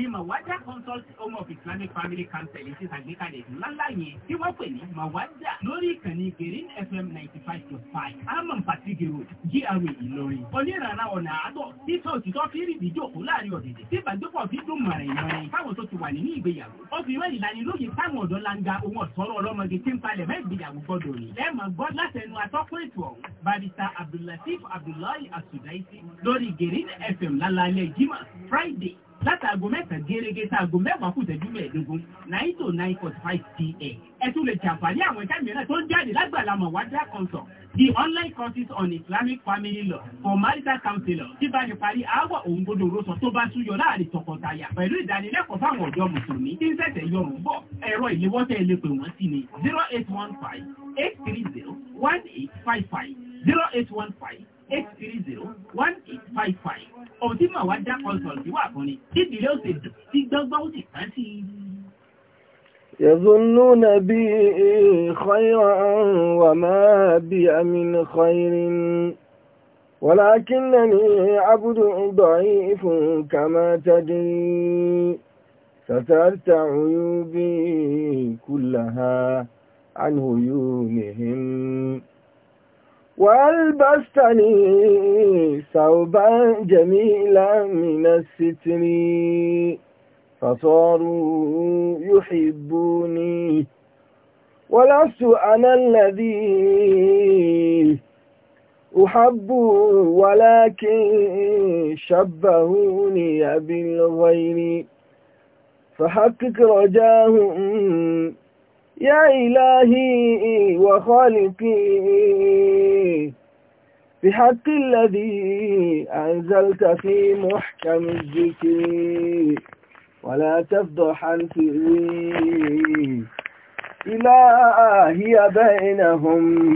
ni Mawada consult Home of Islamic Family Counseling ti ṣàgbékalẹ̀ ńláńlá yẹn tí wọ́n pè ní Mawada lórí ìkànnì Gerin FM ninety five 95.5 Amman Patigi Road, GRA Ìlọrin. Onírànà ọ̀nà àádọ́ títí òtítọ́ fi rí ìdíjòkó láàrin ọ̀dẹ̀dẹ̀ tí ìbàdókọ̀ fi dùn mọ̀rẹ̀ ìmọ̀rẹ̀ káwọn tó ti wà nínú ìgbéyàwó. Ó fi wẹ́ ìlanilóye táwọn ọ̀dọ́ langa ohun ọ̀sọ́rọ̀ ọlọ́mọge tí ń palẹ̀ mẹ́ ìgbéyàwó gbọ́dọ̀ ni. Lẹ́ẹ̀mọ̀ gbọ́ látẹnu atọ́kùn ètò ọ̀hún. Barista Abdullatif Abdullahi Asudaisi lórí Gerin FM lálẹ́ Jimá Friday látàgò mẹ́sàn-án gẹ́gẹ́ sáàgò mẹ́wàá kù ìṣẹ́jú mẹ́ẹ̀ẹ́dógún nine to nine forty five pm ẹ tún lè jàǹfààní àwọn ẹ̀ka mìíràn tó ń jáde lágbàlá mọ̀wádìá consult the online courses on islamic family law for marital counselor tí bá ní parí aáwọ̀ òun gbọdọ̀ rọ́sọ tó bá súyọ láàrin tọkọtaya pẹ̀lú ìdánilẹ́kọ̀ọ́ fáwọn ọ̀dọ́ mùsùlùmí tí ń ṣẹ̀ṣẹ̀ yọrùn bọ̀ ẹ̀rọ ìléwọ́ tẹ́ lè pè wọ́n sí ni zero eight one five eight three zero one eight five five zero eight one five eight three zero one eight five five ohun tí màá wá dá kọsọ̀ sí wà fún ni tí ìdílé ó sì tí gbọ́gbọ́n ó sì kán sí i. يظنون بي خيرا وما بي من خير ولكنني عبد ضعيف كما تدري سترت عيوبي كلها عن عيونهم وألبستني ثوبا جميلا من الستر فصاروا يحبوني ولست أنا الذي أحب ولكن شبهوني بالغير فحقق رجاهم يا إلهي وخالقي بحق الذي أنزلت في محكم الذكر ولا تفضح عن سري إلهي بينهم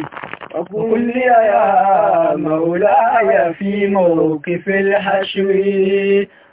وقل لي يا مولاي في موقف الحشو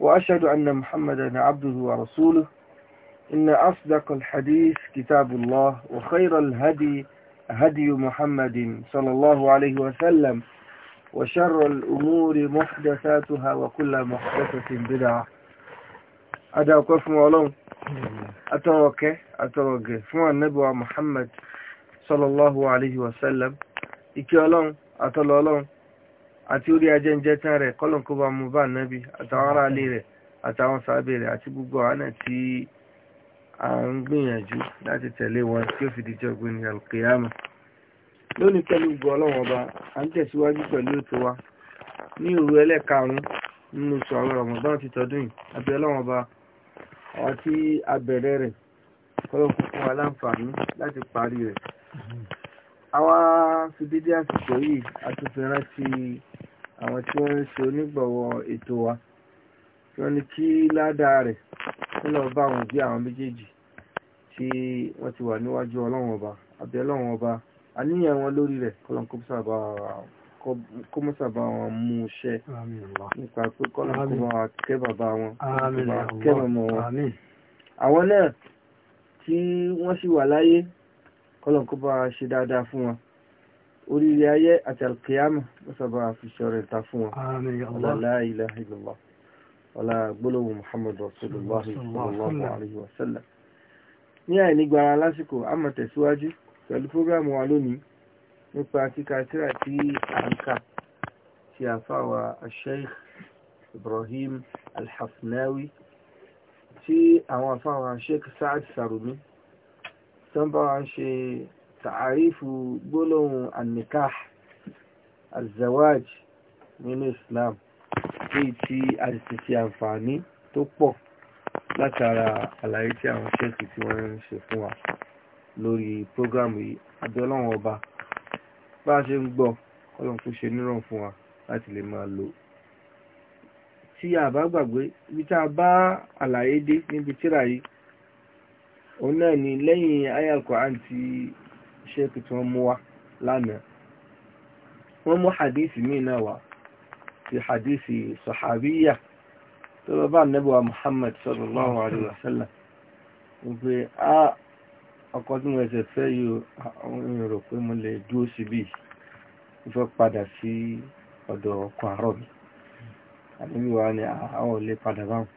وأشهد أن محمدا عبده ورسوله إن أصدق الحديث كتاب الله وخير الهدي هدي محمد صلى الله عليه وسلم وشر الأمور محدثاتها وكل محدثة بدعة أدعو كف معلوم أتوك أتوقع فيما النبوة محمد صلى الله عليه وسلم إكي ألون أتلو àti orí ajẹ́njẹta rẹ̀ kọ́lọ̀kọ́bà mú bá nábi àtàwọn ará alé rẹ̀ àtàwọn sàábẹ̀ rẹ̀ àti gbogbo àánà tí a ń gbìyànjú láti tẹ̀lé wọn tí ó fi dìjọ́ gbé ní alkiyama lónìí pẹ̀lú gbogbo ọlọ́wọ́n ọba a ń tẹ̀síwájú pẹ̀lú ètò wa ní òru ẹlẹ́karùn-ún nínú oṣù àwọn Ramadan àsìkò yìí a rántí àwọn tí wọ́n ń ṣe onígbọ̀wọ́ ètò wa wọ́n ní kí ládàá rẹ̀ kó lọ bá àwọn òbí àwọn méjèèjì tí wọ́n ti wà níwájú ọlọ́run ọba àbí ọba àníyàn wọn lórí rẹ̀ kọ́lọ́n kó sábà wọn mú iṣẹ́ nípa pé kọ́lọ́n kó bá wa kẹ́ bàbá wọn kẹ́ mọ̀mọ́ wọn. àwọn náà tí wọ́n sì wà láyé kọ́lọ́n kó bá wa ṣe dáadáa fún wọn oríire ayé àti alkiyama lọ́sọ̀bá àfiṣọ́ rẹ̀ ta fún wọn la ilaha illallah ọlá gbólóhùn muhammadu rasulullahi sallallahu alaihi wa sallam ní àìní gbara lásìkò a máa tẹ̀síwájú pẹ̀lú fógrámù wa lónìí nípa kíkà tírà tí a ń kà tí a fáwa sheikh ibrahim alhafnawi tí àwọn afáwa sheikh saad sarumi sanbawa ń ṣe tààrífù gbólóhùn annikah azawaj nínú islam èyí tí a ti ṣe àǹfààní tó pọ̀ látara àlàyé tí àwọn ṣẹ́ẹ̀kì tí wọ́n ń ṣe fún wa lórí prógrámù yìí abẹ́ọ́lọ́wọ́n ọba bá a ṣe ń gbọ́ ọlọ́run kó ṣe níràn fún wa láti lè máa lò tí a bá gbàgbé ibi tá a bá àlàyé dé níbi tíra yìí òun náà ni lẹ́yìn ayàkọ̀ àǹtí ṣéèkì tí wọ́n mú wá lánàá wọ́n mú hadithi míì náà wá ti hadithi sahabiya tó bá bá nẹ́bùwá Muhammad sallallahu alayhi wa sallam wípé a ọkọ̀ tí mo ẹsẹ̀ fẹ́ yóò àwọn èèyàn rò pé mo lè dúró síbí mo fẹ́ padà sí ọ̀dọ̀ ọkọ àárọ̀ mi àníbí wa ni àwọn ò lè padà báwọn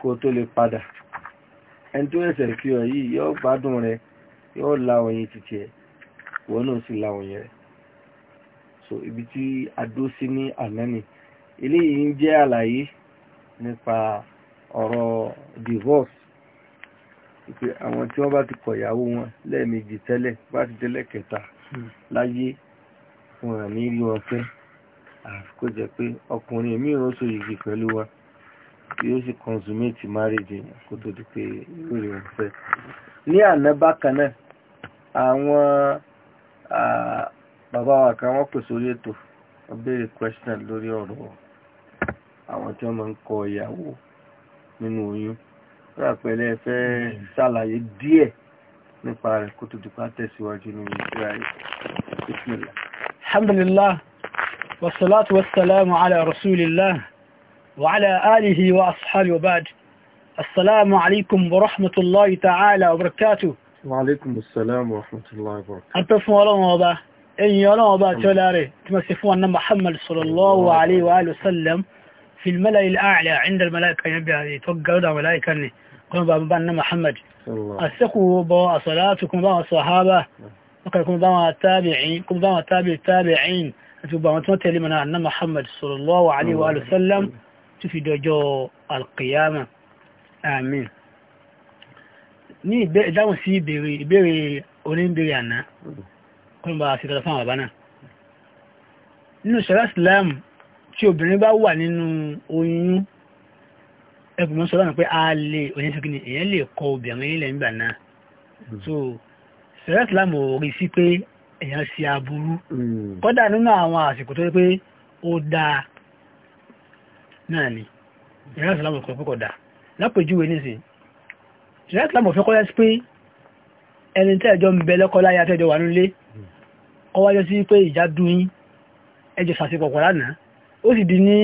kó tó lè padà ẹni tó ẹsẹ̀ fi ọ yìí yóò gbádùn rẹ̀ yóò láwọn yẹn títí ẹ wọn náà sì láwọn yẹn so ibi tí a dó sí ní ànánì eléyìí ń jẹ́ àlàyé nípa ọ̀rọ̀ divorce ìpè àwọn tí wọ́n bá ti kọ ìyàwó wọn lẹ́ẹ̀mejì tẹ́lẹ̀ bá ti tẹ́lẹ̀ kẹta láyé wọn ní rí wọn fẹ́ àfikó jẹ́ pé ọkùnrin mi ò so yìgì pẹ̀lú yóò sì consummate marriage yẹn kó tó di pé yóò rí wọn fẹ́. ní àná bákan náà àwọn bàbá wa kan wọ́n pèsè orí ètò wọ́n béèrè question lórí ọ̀rọ̀ àwọn tí wọ́n máa ń kọ ìyàwó nínú oyún rà pẹ̀lẹ́ fẹ́ ṣàlàyé díẹ̀ nípa rẹ̀ kó tó di pé tẹ̀síwájú nínú Israel alhamdulillah wassalatu wassalamu ala rasulillah وعلى آله وأصحابه وبعد السلام عليكم ورحمة الله تعالى وبركاته وعليكم السلام ورحمة الله وبركاته اسمه الله وبا إن يلون وبا تولاري تمسفون أن محمد صلى الله عليه وآله وسلم في الملأ الأعلى عند الملائكة يبي يعني هذه توقعوا ده ملائكة يعني. قلوا بابا محمد أسقوا بوا صلاتكم بوا صحابة وكما بوا التابعين كم بوا التابع التابعين أتوبا متمتع لمن أن محمد صلى الله عليه وآله وسلم tó fi dọjọ́ alkiyama amin ní ìdáhùn sí ìbéèrè ìbéèrè oníbéèrè àná kọ́ bá ṣe tọ́lọ fáwọn bàbá náà nínú ṣẹ̀rá islam tí obìnrin bá wà nínú oyún ẹgbùnmọ́ sọ́lá náà pé a lè oyún sí èyàn lè kọ obìnrin ilẹ̀ nígbà náà hmm. so ṣẹ̀rá islam ò rí sí pé èyàn ṣe aburú hmm. kọ́dà nínú àwọn àsìkò tó yẹ pé ó dáa náà ni ìrìnà ìsìlámù sọ púpọ̀ dà lápèjúwe nísìn ìrìnà ìsìlámù fẹ́ kọ́lá sí pé ẹni tẹ́ẹ̀jọ ń bẹ lọ́kọ́ láyé àtẹ́jọ wà nílé ọwájọ́ sí pé ìjà dúyín ẹjọ sàṣepọ̀pọ̀ lánàá ó sì di ní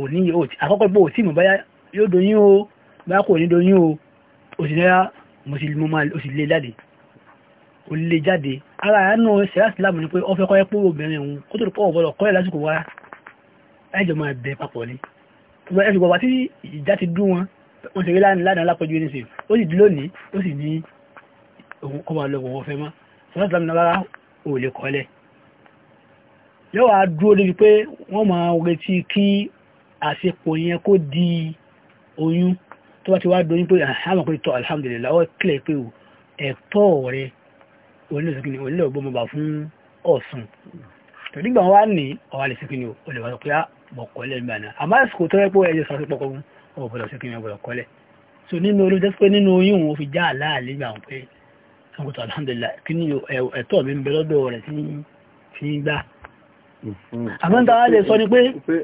òní àkọ́kọ́ pé òtí mọ̀ báyá yóò doyín o báyá kò ní doyín o òsìlẹ́yà mùsùlùmí máa òsìlẹ́ jáde ó lè jáde ara àánú ìṣẹ̀lá ìsìlámù ni pé ọ fẹ́ kọ́ ẹ́ pé obìnrin òun kó tó lè pọ̀ ọ̀bọ̀lọ̀ kọ́ ẹ̀ lásìkò wá ẹjọ máa bẹ papọ̀ ni ṣùgbọ́n ẹ̀sùn gbọ̀gbà tí ìjà ti dún wọn wọ́n ṣe rí lánàá lápọ̀jú ní sí ó sì dúró ní ó sì ní òun kọ́ máa lọ wọ́n fẹ́ mọ́ sọ́dọ̀ tó lámìnà rárá ò lè kọ́lẹ̀ yóò wá dúró débi pé wọ́n máa retí kí àṣepọ̀ yẹn kó di oyún tó bá ti wá doyún pé àmọ̀ pé tọ́ alhamdulillah ó kílẹ̀ pé ẹ̀tọ́ rẹ onílọ̀sọ́kìnì onílọ̀gbọ́n mọba fún ọ̀sùn tòdígbà wọn wá ní ọ̀wà lè sọ́kìnì ò lè wá sọ pé ah, bọ̀kọ́lẹ̀ gbà náà àmọ́ àsìkò tó yẹ pé ẹ̀jẹ̀ sọ sí pọ̀kọ́ fún ọ̀bọ̀dọ̀ sí kí n ọ̀bọ̀dọ̀ kọ́lẹ̀ so nínú olú jẹ́ pé nínú oyún òun fi já àláàlẹ́ gbà wọn pé ọkùnrin alhamdulillah kí ni ẹ̀tọ́ mi ń bẹ lọ́dọ̀ rẹ̀ fi ń gbà àmọ́ ta lè sọ ni pé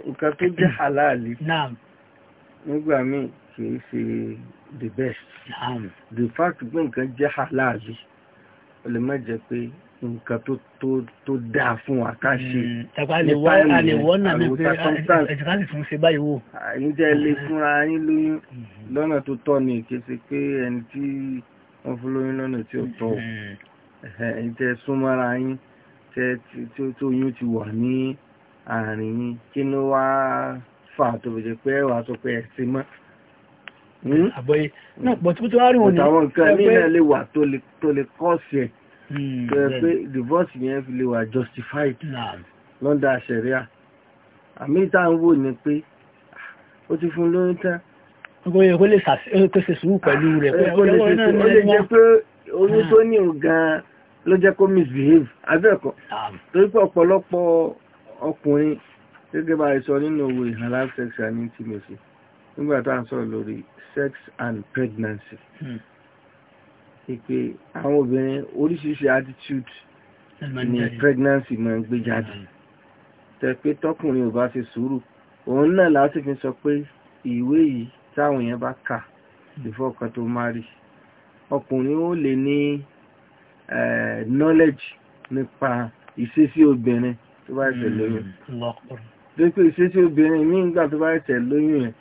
nǹkan tó jẹ́ àláàlẹ́ nígbà míì kì ṣe the best the fact pé nǹkan jẹ́ àláàlẹ́ ó má jẹ́ pé nǹkan tó dáa fún wa ká ṣe. ṣàpá mm. lè a lè wọ́n náà ní pé ẹ̀sìn ká sì tún ṣe báyìí wò. àyíjẹ́ ilé fúnra yín lóyún mm-hmm. lọ́nà tó tọ́ ni kése pé ẹni tí wọ́n fún lóyún lọ́nà tí ó tọ́ mm-hmm. ẹ̀jẹ̀ súnmọ́ra yín tó yún ti wà ní àárín yín kí ló wá fà tó fi jẹ́ pé ẹ̀wà sọ pé ẹ̀sìn mọ́ hmm? àbọ̀yé hmm. náà pọ̀ tí wọ́n rí wọn ni. ọ̀tàwọn nǹkan ní ilẹ̀ lè tó lè kọ́ sí ẹ̀ Hmm, tó yẹ pé divorce yẹn fi lè wà justified lọ́dà àṣẹríà àmì ìta ń wò ni pé ó ti fún lóyún tán. gbogbo kó lè ṣe sùúrù pẹ̀lú rẹ̀. Eh, ó lè jẹ́ pé oyún tó ní òun gan-an ló jẹ́ kó misbehave abẹ́ẹ̀kọ́ torí pé ọ̀pọ̀lọpọ̀ ọkùnrin gẹ́gẹ́ bá sọ nínú owó ìhànlá sex and intimacy nígbà tá à ń sọ̀rọ̀ lórí sex and pregnancy. Hmm ìpè àwọn obìnrin oríṣiríṣi attitude ni pregnancy máa ń gbé jáde mm. tẹ pé tọkùnrin ò bá ṣe sùúrù òun náà láti fi sọ pé ìwé yìí táwọn èèyàn bá kà mm. before kan tó má rí ọkùnrin ó lè ní knowledge nípa ìṣesí obìnrin tó bá ṣe mm. lóyún tó pé ìṣesí obìnrin ní ìgbà tó bá ṣe lóyún yẹn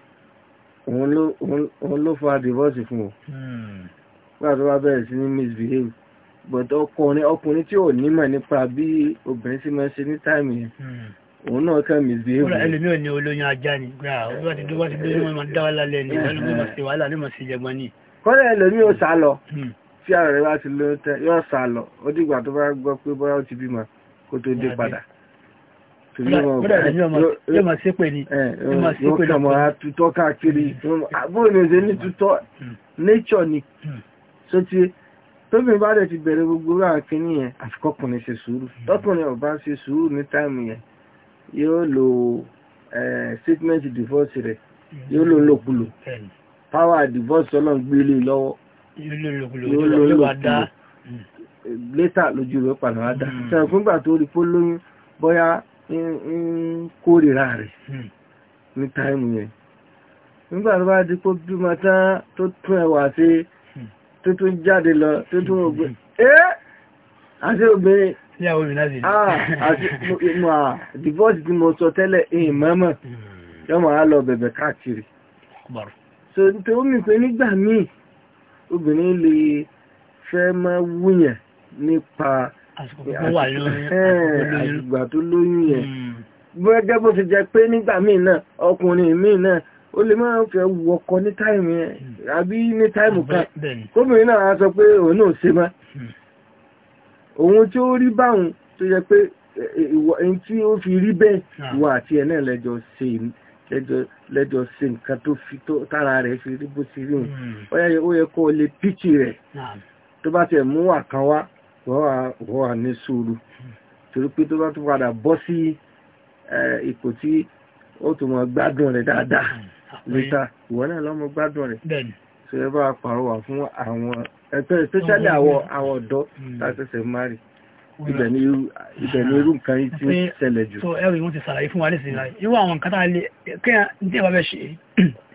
òun ló fa divorce fún o nígbà tó bá bẹ̀rẹ̀ sí ní misbehave but ọkùnrin ọkùnrin tí ò nímọ̀ nípa bí obìnrin sí máa ń ṣe ní táìmì yẹn hmm. òun náà kàn misbehave. kúrò ẹlòmí ò olóyún ajá ni gbà ó bá ti dúró ti dúró máa dá wàhálà lẹ́nu ẹlòmí máa ṣe wàhálà ní máa ṣe jẹgbọn ni. kọ́lẹ̀ ẹlòmí ò sá lọ hmm. tí ara rẹ̀ bá ti lóyún tẹ́ yóò sá lọ ó dìgbà tó bá gbọ́ pé bóyá ó ti bímọ kó tó dé padà yóò eh, kàn mọ́ àtútọ́ káàkiri àbúrò hmm. ní ọ̀sẹ̀ ní tó ti tóbi bá dẹ̀ ti bẹ̀rẹ̀ gbogbo rà kíní yẹn àfikọ́kùnrin ṣe sùúrù hmm. tọkùnrin ọ̀bá ṣe sùúrù ní táìmù yẹn yóò lo statement divorce rẹ̀ hmm. yóò lo lòkulò power divorce ọlọ́run gbélé e lọ́wọ́ yóò lo lòkulò létà lójú rẹ̀ padà wá dá sẹ́yìn hmm. fúngbà tó rí pó lóyún bóyá ń kórìíra rẹ̀ ní táìmù yẹn nígbà tó bá di pé bímọ tán tó tún ẹwà ṣe tó tún jáde lọ tó tún ògbé ẹ́ àti obìnrin ah, ah, divorce tí mo sọ tẹ́lẹ̀ èyàn eh, mọ́mọ̀ hmm. yọmọ̀ á lọ bẹ̀bẹ̀ káàkiri so tó mi pé nígbà míì obìnrin lè fẹ́ mọ́ wúyàn nípa àgbà eh, tó lóyún yẹn hmm. gẹ́gẹ́ bó ti jẹ́ pé nígbà míì náà ọkùnrin míì náà ó lè máa fẹ́ wọkọ ọkọ ní táìmù yẹn hmm. àbí ní táìmù kan gómìnà náà sọ pé òun náà má hmm. òun tí ó rí báhùn tó yẹ pé ẹni tí ó fi rí bẹ́ẹ̀ ah. ìwà àti ẹ̀ náà lẹ́jọ́ lẹ́jọ́ fi tára rẹ̀ fi rí bó ti hmm. o lè píkì rẹ̀ tó bá tiẹ̀ mú wà kan wá wọ́n wà ní torí pé tó bá tún padà bọ́ sí ipò tí lẹ́ta ìwọ náà lọ́mọ gbádùn rẹ̀ ṣe bá pàrọwà fún àwọn ẹ̀tọ́ especially àwọn àwọn ọ̀dọ́ hmm. tàṣẹṣẹ̀ mari ibẹ̀ ni irú nǹkan yìí tí ó ṣẹlẹ̀ jù. so ẹrù ìwọ̀n ti ṣàlàyé fún wa ní sinai irú àwọn nǹkan tá a lè kéèyàn ní ìwà bẹ́ẹ̀ ṣe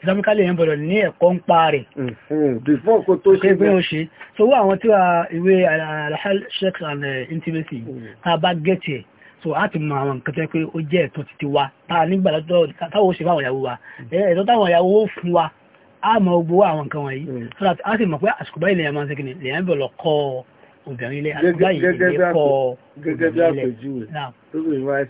islamically yẹn bọ̀dọ̀ ní ẹ̀kọ́ ń pa rẹ̀. Hmm, before kò tó ṣe bẹ́ẹ̀. ṣe so wọ́n àwọn tí wà ìwé alahal sex and uh, intimacy hmm. tá a bá gẹ̀tì ẹ̀ so a ti mọ àwọn nǹkan tó yẹ pé ó jẹ́ ẹ̀tọ́ títí wa ta nígbà táwọn ṣe fáwọn ìyàwó wa ẹ̀tọ́ táwọn ìyàwó fún wa a mọ gbogbo àwọn nǹkan wọ̀nyí mm. so that a sì mọ̀ pé àsìkò báyìí lèyàn máa ń sẹ́kìnì lèyàn bẹ̀ lọ kọ́ obìnrin ilé àsìkò báyìí lè kọ́ gẹ́gẹ́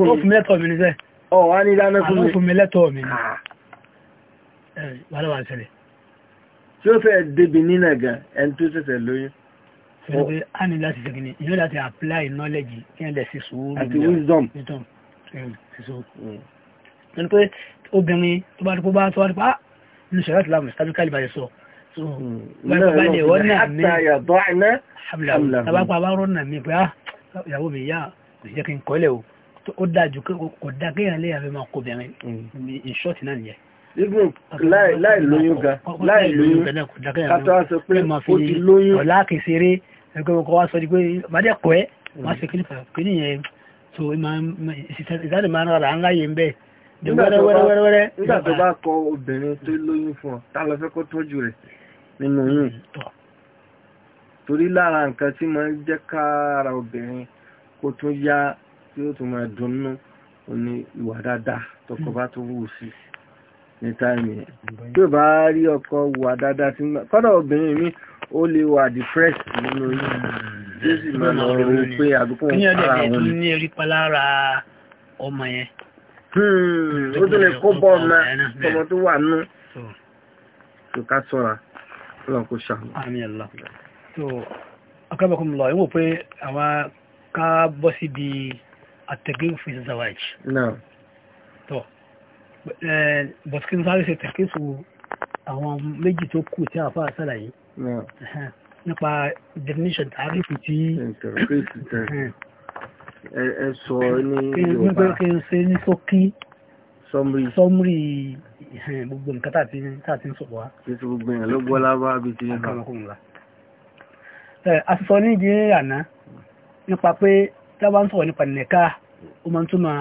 bí ọ̀wá ní dáná fún mi lẹ́tọ̀ mi wà lọ́wà ṣẹlẹ̀ tí ó fẹ́ débi nínà gan ẹni tó ṣẹ̀ṣẹ̀ lóyún fẹ́rẹ́ pé a ní láti ṣẹ́gini ìlú láti apply knowledge kí ẹ lẹ̀ sí sùúrù àti wisdom hmm. ẹni pé obìnrin tó bá dípò bá tó wá hmm. dípò ah inú ṣẹ̀rọ ti láàmù tàbí káàlì báyìí sọ ìyàwó mi yá kò sí jẹ́ kí n kọ́lẹ̀ o ó dájú kò dá kéèyàn lè àfẹ́ máa kó bẹ̀rẹ̀ ní ìṣọ́ọ̀tì náà nìyẹn. Ibùn láì lóyún gan, láì lóyún, kátó á sọ pé ó ti lóyún. Ọ̀la kì í ṣeré, ẹgbẹ́ ọkọ̀ wa sọ di pé màdé kọ́ ẹ́, má ṣe kí ni yẹn so ìsáde máa ń rárá ńlá yẹn bẹ́ẹ̀. Nígbà tó bá kọ obìnrin tó lóyún fún ọ, tá lọ fẹ́ kó tọ́jú rẹ̀ nínú yìí torí lára nǹkan tí máa ń jẹ́ kára obìnrin kó tún yá tí ó tún máa dunnú ní ìwà dáadáa tọkọ bá tó wù sí ní táìmì ẹ̀ tí ó bá rí ọkọ wà dáadáa tí kọ́dọ̀ obìnrin mi ó lè wà depressed nínú yìí tí ó sì máa lọ rò pé àdúgbò ara wọn ni. ní erí palára ọmọ yẹn. Hmm, ó tún lè kó bọ́ ọmọ ọmọ tó wà nù. tó ká sọ̀ra ọlọ́run kò ṣàmù. àmì ẹ̀lá tó akọ́bọ̀kọ́ mi lọ ìwọ̀n pé àwọn ká bọ́ síbi. الترغيب في الزواج نعم tó but kí n sáré ṣe tẹ̀kísù àwọn méjì tó kù tí a fà sálàyé nípa definition tààrífù tí ẹ sọ ní Yorùbá kí n ṣe ní sókí sọmrí gbogbo nǹkan tàbí tàbí sọ̀rọ̀ wá títí gbogbo èèyàn ló gbọ́ lábá bí ti ń hàn a sọ ní ìdí àná nípa pé tá bá ń sọ̀rọ̀ nípa nìka ó máa ń túmọ̀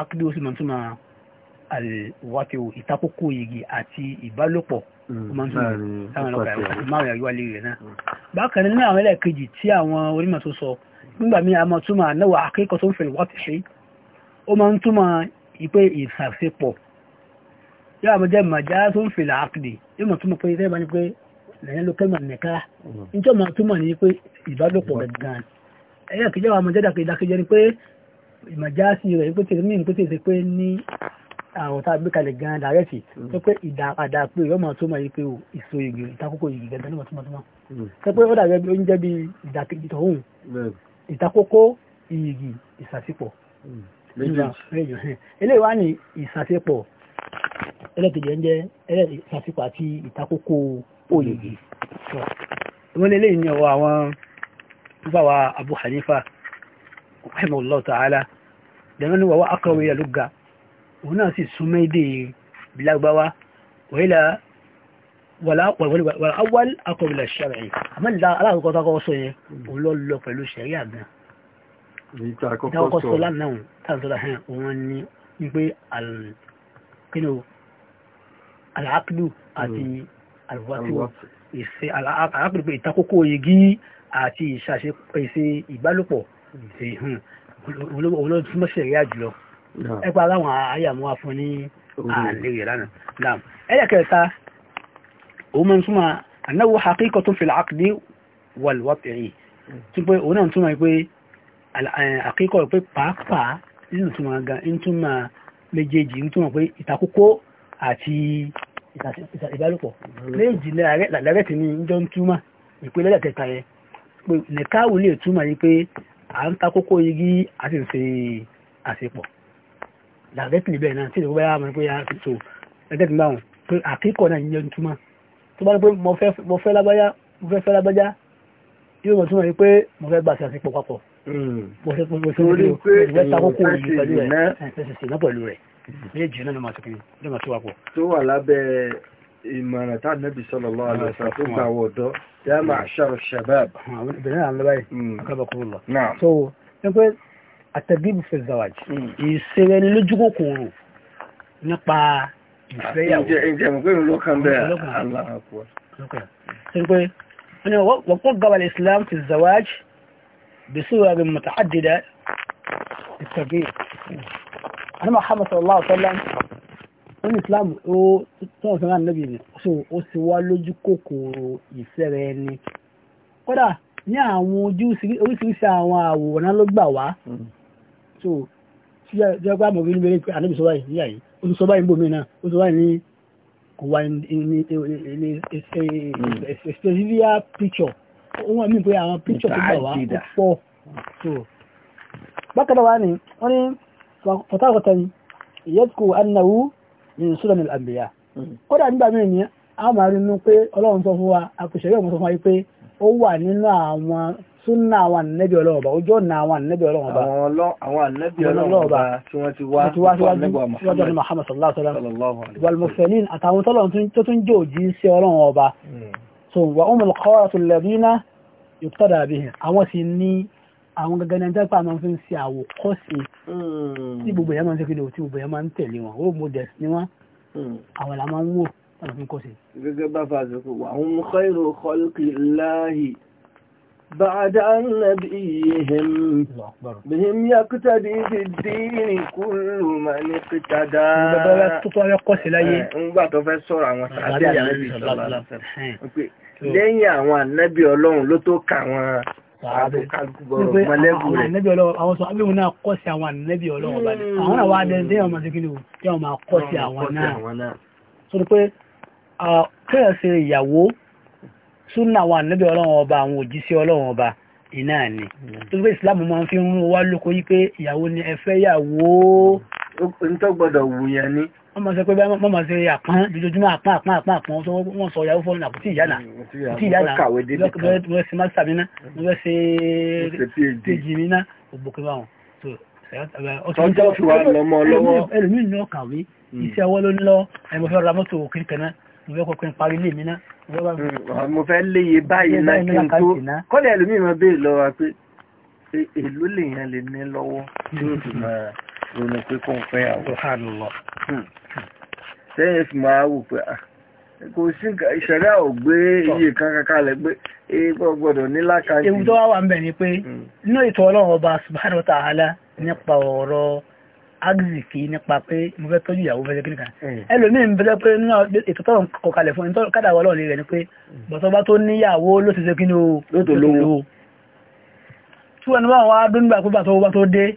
àkídé eh, ó sì máa ń túmọ̀ àlùwàtò ìtakókò yìí àti ìbálòpọ̀ hmm, ó máa ń túmọ̀ táwọn ọlọ́pàá máa yọ ilé rẹ̀ náà. Hmm. bákan náà àwọn ẹlẹ́ẹ̀kejì tí àwọn onímọ̀ tó sọ nígbà míì a máa túmọ̀ náwó akẹ́kọ̀ọ́ tó ń fẹ̀lẹ̀ wọ́tí ṣe ó ma ń túmọ̀ ìpè ìsàṣepọ̀ yóò àmọ́ jẹ́ màjá tó ń fẹ̀lẹ̀ àkìdè yóò máa túmọ̀ pé ìrẹ́bà ni pé lẹ́yìn ló kẹ́mà nìka níjọ́ hmm. máa túmọ̀ ní pé ìbálòpọ̀ gan ẹ̀yà kìjọ́ àwọn ọmọdé dàkejì ni pé ìmọ̀jáàsí rẹ̀ pé tèmi ní pété ṣe pé ní àwọn tá a gbé kalẹ̀ gan-an dàrẹ́tì mm. tó pé ìdàpadà pé ìrọ́mọ̀ tó máa yí pé ìso igi ìtakókò igi gẹ́gẹ́ ní mọ̀túnmọ̀túnmọ̀ tó pé ó dàbẹ́ bí oúnjẹ bí ìdàkejì tọ̀hún ìtakókó igi ìsàsípọ̀ mm. eléyìí wá ní bawa abu hanifa rahimahullahu ta'ala da mani wawa aka wuya lugga wuna si sumai da bilagbawa wala awal akọ bila ṣẹ́rẹ̀ àmọ́ ìlà alákọ̀ọ́kọ́ tó akọ́kọ́ sọ yẹn òun lọ lọ pẹ̀lú ṣẹ̀rí àgbà dákọ́kọ́ sọ lánàá tàbí hàn òun ni wípé àti ìṣàṣepèsè ìbálòpọ̀ òun ló túmọ̀ sí ẹ̀rí àjùlọ ẹ pa aláwọn àyàmú wa fún ní àlè rẹ̀ lánàá. ẹlẹ́kẹ̀ẹ́ta òun máa ń túmọ̀ annahu haqiqatun fil aqdi wal wat'i tí pé òun náà túmọ̀ pé àkíkọ̀ pé pàápàá nínú túmọ̀ gan ń túmọ̀ méjèèjì ń túmọ̀ pé ìtakókó àti ìbálòpọ̀ méjì lẹ́rẹ̀ẹ́ tí ní ń jọ ń túmọ̀ ìpínlẹ̀ kẹta yẹn nìkáwù lè túmọ̀ yí pé à ń ta kókó igi àti ṣe àṣepọ̀ dàbẹ́tìlì bẹ́ẹ̀ náà tí ìdìbò báyà mọ̀ pé a ti so ẹgbẹ́ tí ń bá wọn pé àkíkọ̀ náà yíyan túmọ̀ tó bá ní pé mo fẹ́ lábájá mo fẹ́ fẹ́ lábájá yóò mọ̀ túmọ̀ yí pé mo fẹ́ gbàṣẹ àṣepọ̀ papọ̀ hmm. mo fẹ́ pé mo fẹ́ ta kókó igi pẹ̀lú rẹ̀ pẹ̀lú rẹ̀ méjì náà ló ìmọ̀ràn tá nẹ́bí sallallahu alaihi wasallam tó gbà ah, wọ̀dọ́ yá máa ṣàrọ̀ shabab. Ah, àwọn obìnrin náà ń lọ báyìí hmm. akábọ̀kọ̀ lọ. so ẹ pé àtẹ̀gíbù fẹ́ zawaj hmm. ìṣeré ni lójú kòkòrò nípa ìfẹ́yàwó. ǹjẹ́ ǹjẹ́ mo pé mo lọ́kàn bẹ́ẹ̀ aláàpọ̀. ṣe pé wọ́n kọ́ gaba islam ti zawaj بصور متعددة التغيير أنا محمد صلى الله عليه wọ́n ní islam ó tọ́wọ́ sọ́ra níbi ni so ó sì wá lójú kòkòrò ìfẹ́rẹ̀ ẹni kódà ní àwọn ojú oríṣiríṣi àwọn àwòrán ló gbà wá hmm. so tí ọgbà mọ̀ nínú eré ànábì sọ báyìí níyà yìí ó sọ báyìí níbòmí náà ó sọ báyìí ní kò wá ní specific hmm. picture wọ́n wà mí pé àwọn picture tó gbà wá pọ̀ so bákan náà wá ní wọ́n ní fọ́tàkọ́tà ni ìyẹ́sùkù annáwó ní sunan al-anbiya hmm. kódà nígbà mí ni a máa rí inú pé ọlọ́run sọ fún wa àpòṣẹ́rí ọmọ sọ fún wa pé ó wà nínú àwọn súnà àwọn ànẹ́bí ọlọ́run ọba ojú ọ̀nà àwọn ànẹ́bí ọlọ́run ọba àwọn ànẹ́bí ọlọ́run ọba tí wọ́n ti wá síwájú ọ̀nà Muhammad sallallahu alaihi wasallam walmufenin àtàwọn tọ́lọ́run tó tún jẹ́ òjì sí ọlọ́run ọba hmm. so wa umul qawatu alladhina yuqtada bihim àwọn sì ní àwọn gangan náà jápa máa fi ń ṣe àwòkọ́ṣe hmm. tí gbogbo yẹn máa ń ṣe kílò tí gbogbo yẹn máa ń tẹ̀lé wọn role models ni wọn hmm. àwọn là máa ń wò wọn fi ń kọ́ṣe. gẹ́gẹ́ bá fa àzọkọ̀ wà ń khairu khalqillahi ba'da annabiyihim bihim yaqtadi bid-dini kullu man iqtada. gbogbo ẹ tó tó ẹ kọ́ṣe láyé. Eh, ńgbà tó fẹ́ sọ̀rọ̀ lẹ́yìn àwọn ànábì ọlọ́run ló tó kà wọn ànẹ́bí ọlọ́wọ́ àwọn sọ̀rọ̀ àbíwọn náà kọ́ sí àwọn ànẹ́bí ọlọ́wọ́ bá ní hmm. àwọn àwọn adẹ́sẹ́ ọmọ sí kíni tí wọ́n máa kọ́ sí àwọn náà sọ pé kẹ́rẹ̀ sí ìyàwó súnà àwọn ànẹ́bí ọlọ́wọ́ ọba àwọn òjíṣẹ́ ọlọ́wọ́ ọba wọ́n máa sọ pé wọ́n máa ṣe àpán lójoojúmọ́ àpán àpán àpán àpán wọ́n sọ ìyàwó fọ́nà àpótí ìyànà mm, àpótí ìyànà lọ́kọ̀ọ́ sí máa sàmínà wọ́n ṣe tèjì nínà ògbókè báwọn ọjọ́ fi wà lọ́mọ lọ́wọ́ ẹlòmí ní ọkàwé iṣẹ́ ọwọ́ ló fẹ́ ra mọ́tò parí lè mí mo fẹ́ léye mm, báyìí náà kí n tó kọ́lẹ̀ ẹlòmí mọ́ bèèrè lọ́wọ́ pé èló lèèyàn lè ní lọ́wọ́ tí ó sì máa ronú pé kò ń fẹ́ àwọn sẹ́yìn fi máa wò pé ah, kò sí ìṣẹ̀dá ò gbé iye kan kankalẹ̀ pé eégbọ́ gbọ́dọ̀ ní lákàájì. ewu tó wá wà ń bẹ̀ ni pé hmm. inú ètò ọlọ́run ọba subhanahu wa ta'ala nípa ọ̀rọ̀ axiki nípa pé mo fẹ́ tọ́jú ìyàwó fẹ́lẹ́ kíníkan hmm. ẹlòmíín bẹ́lẹ́ pé nínú ètò tọ́rọ̀ kọkalẹ̀ fún ẹni kádà wà lọ́ọ̀lẹ́ rẹ̀ ni pé hmm. bọ̀tọ́ bá tó níyàwó ló ti ṣe kí ni o ló tó lówó. tí wọn bá wà á dún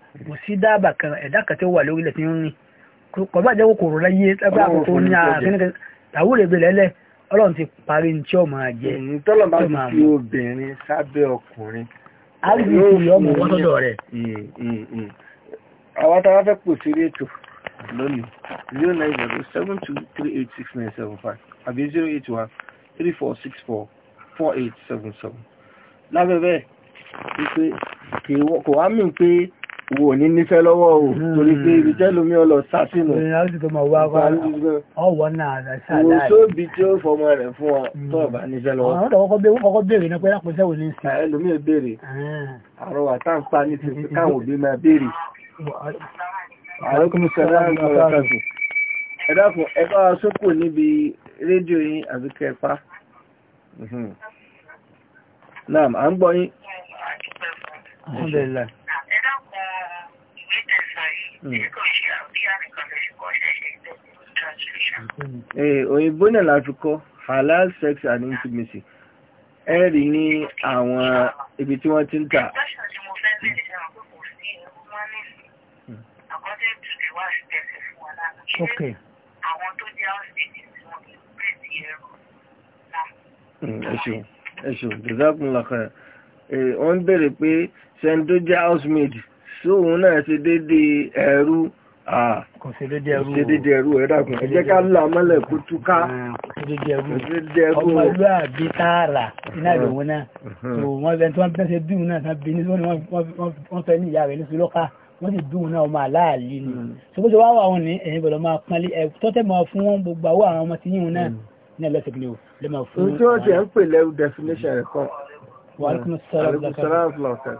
mo si dáàbà kan ẹ̀dá kan tí ó wà lórílẹ̀ tí ń ẹgbẹ́ àkókò ní àkínníkan ọlọ́run ti parí ní tí ó máa jẹ tọ́lọ́ bá fi obìnrin sábẹ́ ọkùnrin àríwísí ọmọ wọn tọ́dọ̀ fẹ́ pò sí rétò lónìí zero nine zero seven two three eight six nine seven five àbí zero eight one three four six four four eight seven seven lábẹ́ bẹ́ẹ̀ kò wo ní nífẹ́ lọ́wọ́ o torí pé ibi tẹ́lú mi ọlọ sásínú ọwọ́ náà sáàdáì wò sóbi tí ó fọmọ rẹ̀ fún ọ hmm. tó ọ̀bá nífẹ́ lọ́wọ́ àwọn ọkọ̀ béèrè náà pé lápẹ́sẹ́ wò ní sí ẹlòmí béèrè hmm. àrọwà tá ń pa ní ti káwọn òbí máa béèrè àrọ́kùnrin sọ̀rọ̀ ẹ dákun ẹ bá wa sókò níbi rédíò yín àbí kẹfà hmm. náà à ń gbọ́ yín alhamdulillah Eh, òyìnbó náà láti kọ́ halal sex and intimacy ẹ̀rì ní àwọn ibi tí wọ́n ti ń tà Ok. Àwọn tó jẹ́ ọ̀sẹ̀ tí wọ́n ti pè sí ẹ̀rọ náà. Ẹ̀ṣùn, ẹ̀ṣùn, Jọ́sàkùn Lọ́kọ̀ẹ́. Wọ́n bèèrè pé ṣẹ́ni tó jẹ́ housemaid sóhun náà ṣe dédé ẹrú kò ṣe dédé ẹrú ẹ̀dàkùn ẹ jẹ́ ká là mọ́lẹ̀ kó túká ọmọ ìlú àbí tààrà iná ìròwó náà tó wọ́n fẹ́ tí wọ́n fẹ́ ṣe dùn náà tán bí ní wọ́n fẹ́ ní ìyá rẹ̀ ní sílọ́kà wọ́n sì dùn náà ọmọ aláàlì ni ṣùgbọ́n wá wà wọn ní ẹ̀yìn bọ̀dọ̀ máa pọ́nlé ẹ̀ tọ́tẹ̀ máa fún wọn gbogbo àwọn àwọn ọmọ tí yíwọn náà ní ẹlẹ́sẹ̀ ni lè máa fún wọn. ojú ọ̀sẹ̀ ń pè lẹ́rù definition rẹ̀ kan.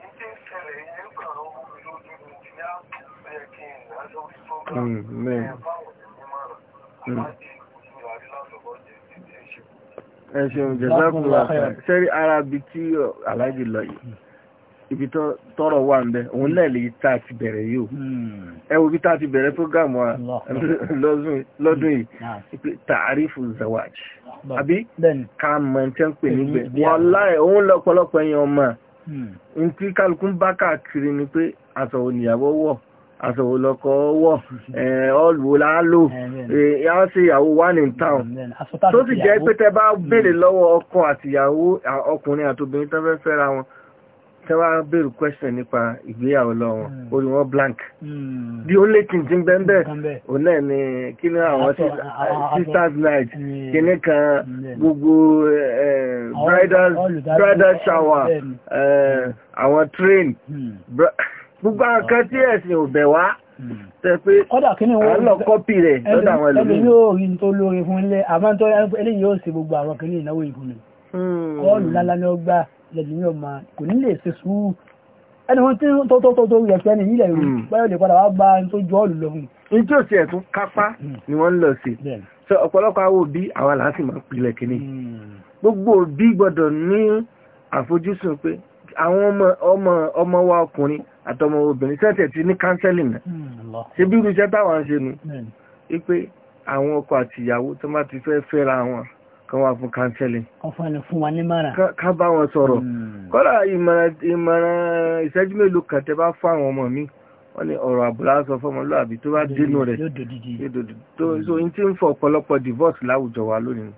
Mm, mm. Mm. ẹ ṣeun jẹ́sàkùn àfẹ́ sẹ́rí ara bí tí aláàjì lọ yìí ibi tọ́rọ wà ń bẹ òun náà lè tá ti bẹ̀rẹ̀ yìí o ẹ wo bí tá ti bẹ̀rẹ̀ prógámù wa lọ́dún yìí tààrífù zawaj àbí ká mọ̀ tí ń pè nígbẹ̀ wọ́n láì òun lọ́pọ̀lọpọ̀ ẹ̀yàn ọmọ ní kálukú bá káàkiri ni pé àtọ̀wò níyàwó wọ̀ aṣòwò lọ́kọ̀ wọ̀ ọ̀lùwò láálò yàá sí ìyàwó wà ní town tó sì jẹ́ pé tẹ bá hmm. béèrè lọ́wọ́ ọkọ àtìyàwó ọkùnrin àtòbìnrin tó fẹ́ fẹ́ra wọn tẹ wá béèrè question nípa ìgbéyàwó lọ́wọ́ hmm. orí wọn blank hmm. the only thing ti ń bẹ́ ń bẹ́ òun náà kí ni àwọn sisters night kí ni kan gbogbo bridal shower àwọn train gbogbo nǹkan tí ẹ̀sìn ò bẹ̀ wá hmm. tẹ́ pé àlọ́ kọ́pì rẹ̀ lọ́dọ̀ àwọn ẹlòmí yóò rí tó lórí fún ilé àbántọ́ eléyìí yóò ṣe gbogbo àwọn kìíní ìnáwó ìgúnnù hmm. kọ́ọ̀lù lálá ní ọgbà lẹ́dìmí ọmọ kò ní lè ṣe sùúrù ẹni wọ́n tí tó tó tó tó yẹ hmm. ni wọ́n ń lọ sí so ọ̀pọ̀lọpọ̀ àwọn òbí àwa là á sì máa pilẹ̀ kínní gbogbo òbí gbọ́dọ̀ ní àfojúsùn pé àwọn ọmọ wa ọkùnrin àtọmọ obìnrin sẹ́tẹ̀ ti ní counseling náà hmm, ṣe bí irúṣẹ́ táwọn ń ṣe nu wípé àwọn ọkọ àti ìyàwó tó bá ti fẹ́ fẹ́ra wọn kan wà fún counseling. ọ̀fọ̀nì fún wa ní mara. ká bá wọn sọ̀rọ̀ hmm. kọ́lá ìmọ̀ràn ìṣẹ́jú mélòó kan tẹ́ bá fún àwọn ọmọ mi wọ́n ní ọ̀rọ̀ àbúrá sọ fọ́mọ lóàbí tó bá dénú rẹ̀ hmm. so n ti ń fọ ọ̀pọ̀lọpọ̀ divorce láwùjọ wa lónìí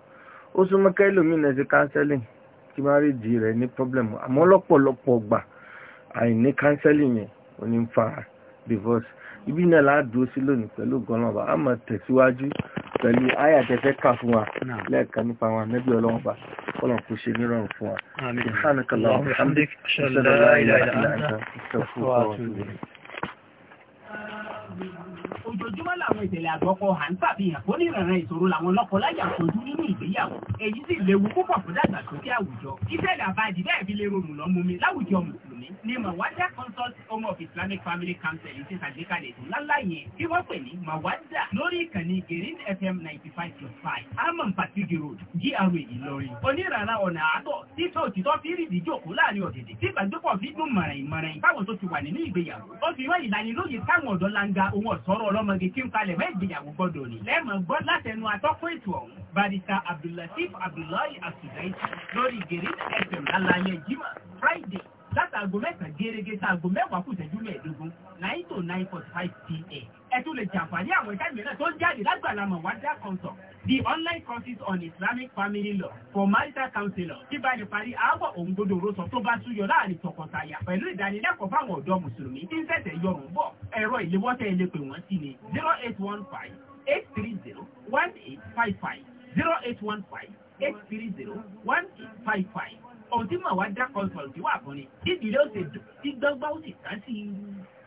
ó súnmọ́ kẹ́lòmínà ṣe counseling kí má rí ìdí rẹ̀ ní problem àmọ́ lọ́pọ̀lọpọ̀ gbà àìní kánsẹ́lì yẹn ò ní fa divorce ibi náà ládùú sí lónìí pẹ̀lú gọ́nàbà a máa tẹ̀síwájú pẹ̀lú ayàtẹ̀fẹ́ kà fún wa lẹ́ẹ̀kan nípa àwọn ànábì ọlọ́mọba kọ́nà kò ṣe nírọ̀rùn fún wa ojoojúmọ́ làwọn ìṣẹ̀lẹ̀ àgbọ̀kọ̀ à ń sàfihàn tó ní ìrànràn ìṣòro làwọn lọ́kọ láyà kojú nínú ìgbéyàwó èyí sì léwu púpọ̀ fún dàgbàsókè àwùjọ ìṣẹ̀lẹ̀ àbájì bẹ́ẹ̀ fi lè rọrùn lọ́mú mi láwùjọ mùsùlùmí ni mawadda consult home of islamic family council ti ṣàgbékalẹ̀ ètò ńláńlá yẹn tí wọ́n pè ní mawadda lórí ìkànnì gerin fm ninety five point five amon patigi road gra ìlọrin onírànà ọ̀nà àádọ́ títọ́ òtítọ́ fi rí ìdíjòkó láàrin ọ̀dẹ̀dẹ̀ tí ìgbàgbépọ̀ fi dún mọ̀ràn ìmọ̀ràn báwọn tó ti wà nínú ìgbéyàwó ó fi wá ìlanilóye táwọn ọ̀dọ́ langa ohun ọ̀sọ́rọ̀ ọlọ́mọge kí n palẹ̀ mẹ́ ìgbéyàwó gbọ́dọ̀ ni lẹ́mọ̀ gbọ́ látẹnu atọ́kùn ètò ọ̀hún barista abdullatif abdullahi asudaiti lórí gèrèdà fm lálàyé jimá friday látàgò mẹ́sàn gẹ́gẹ́ sáàgò mẹ́wàá kùtẹ́jú mẹ́ẹ̀ẹ́dógún nine to nine forty five pm ẹ tún lè jàǹfààní àwọn ìdájọ́ mìíràn tó ń jáde lágbàlá Mawada Consult the online courses on Islamic family law for marital counselor tí bá ní parí àáwọ̀ òǹgbodò rọ́sọ tó bá súyọ láàrin tọkọtaya pẹ̀lú ìdánilẹ́kọ̀ọ́ fáwọn ọ̀dọ́ mùsùlùmí tí ń tẹ̀sẹ̀ yọrùn bọ̀ ẹ̀rọ ìléwọ́tẹ̀ ilé pè wọ́n sí ni zero eight one five eight three zero one eight five five zero eight one five eight three zero one eight five five ohun tí Mawada Consult wà fún ni ìdílé ó ṣe dùn tí gbọ́ngbọ́n ó sì tán sí i.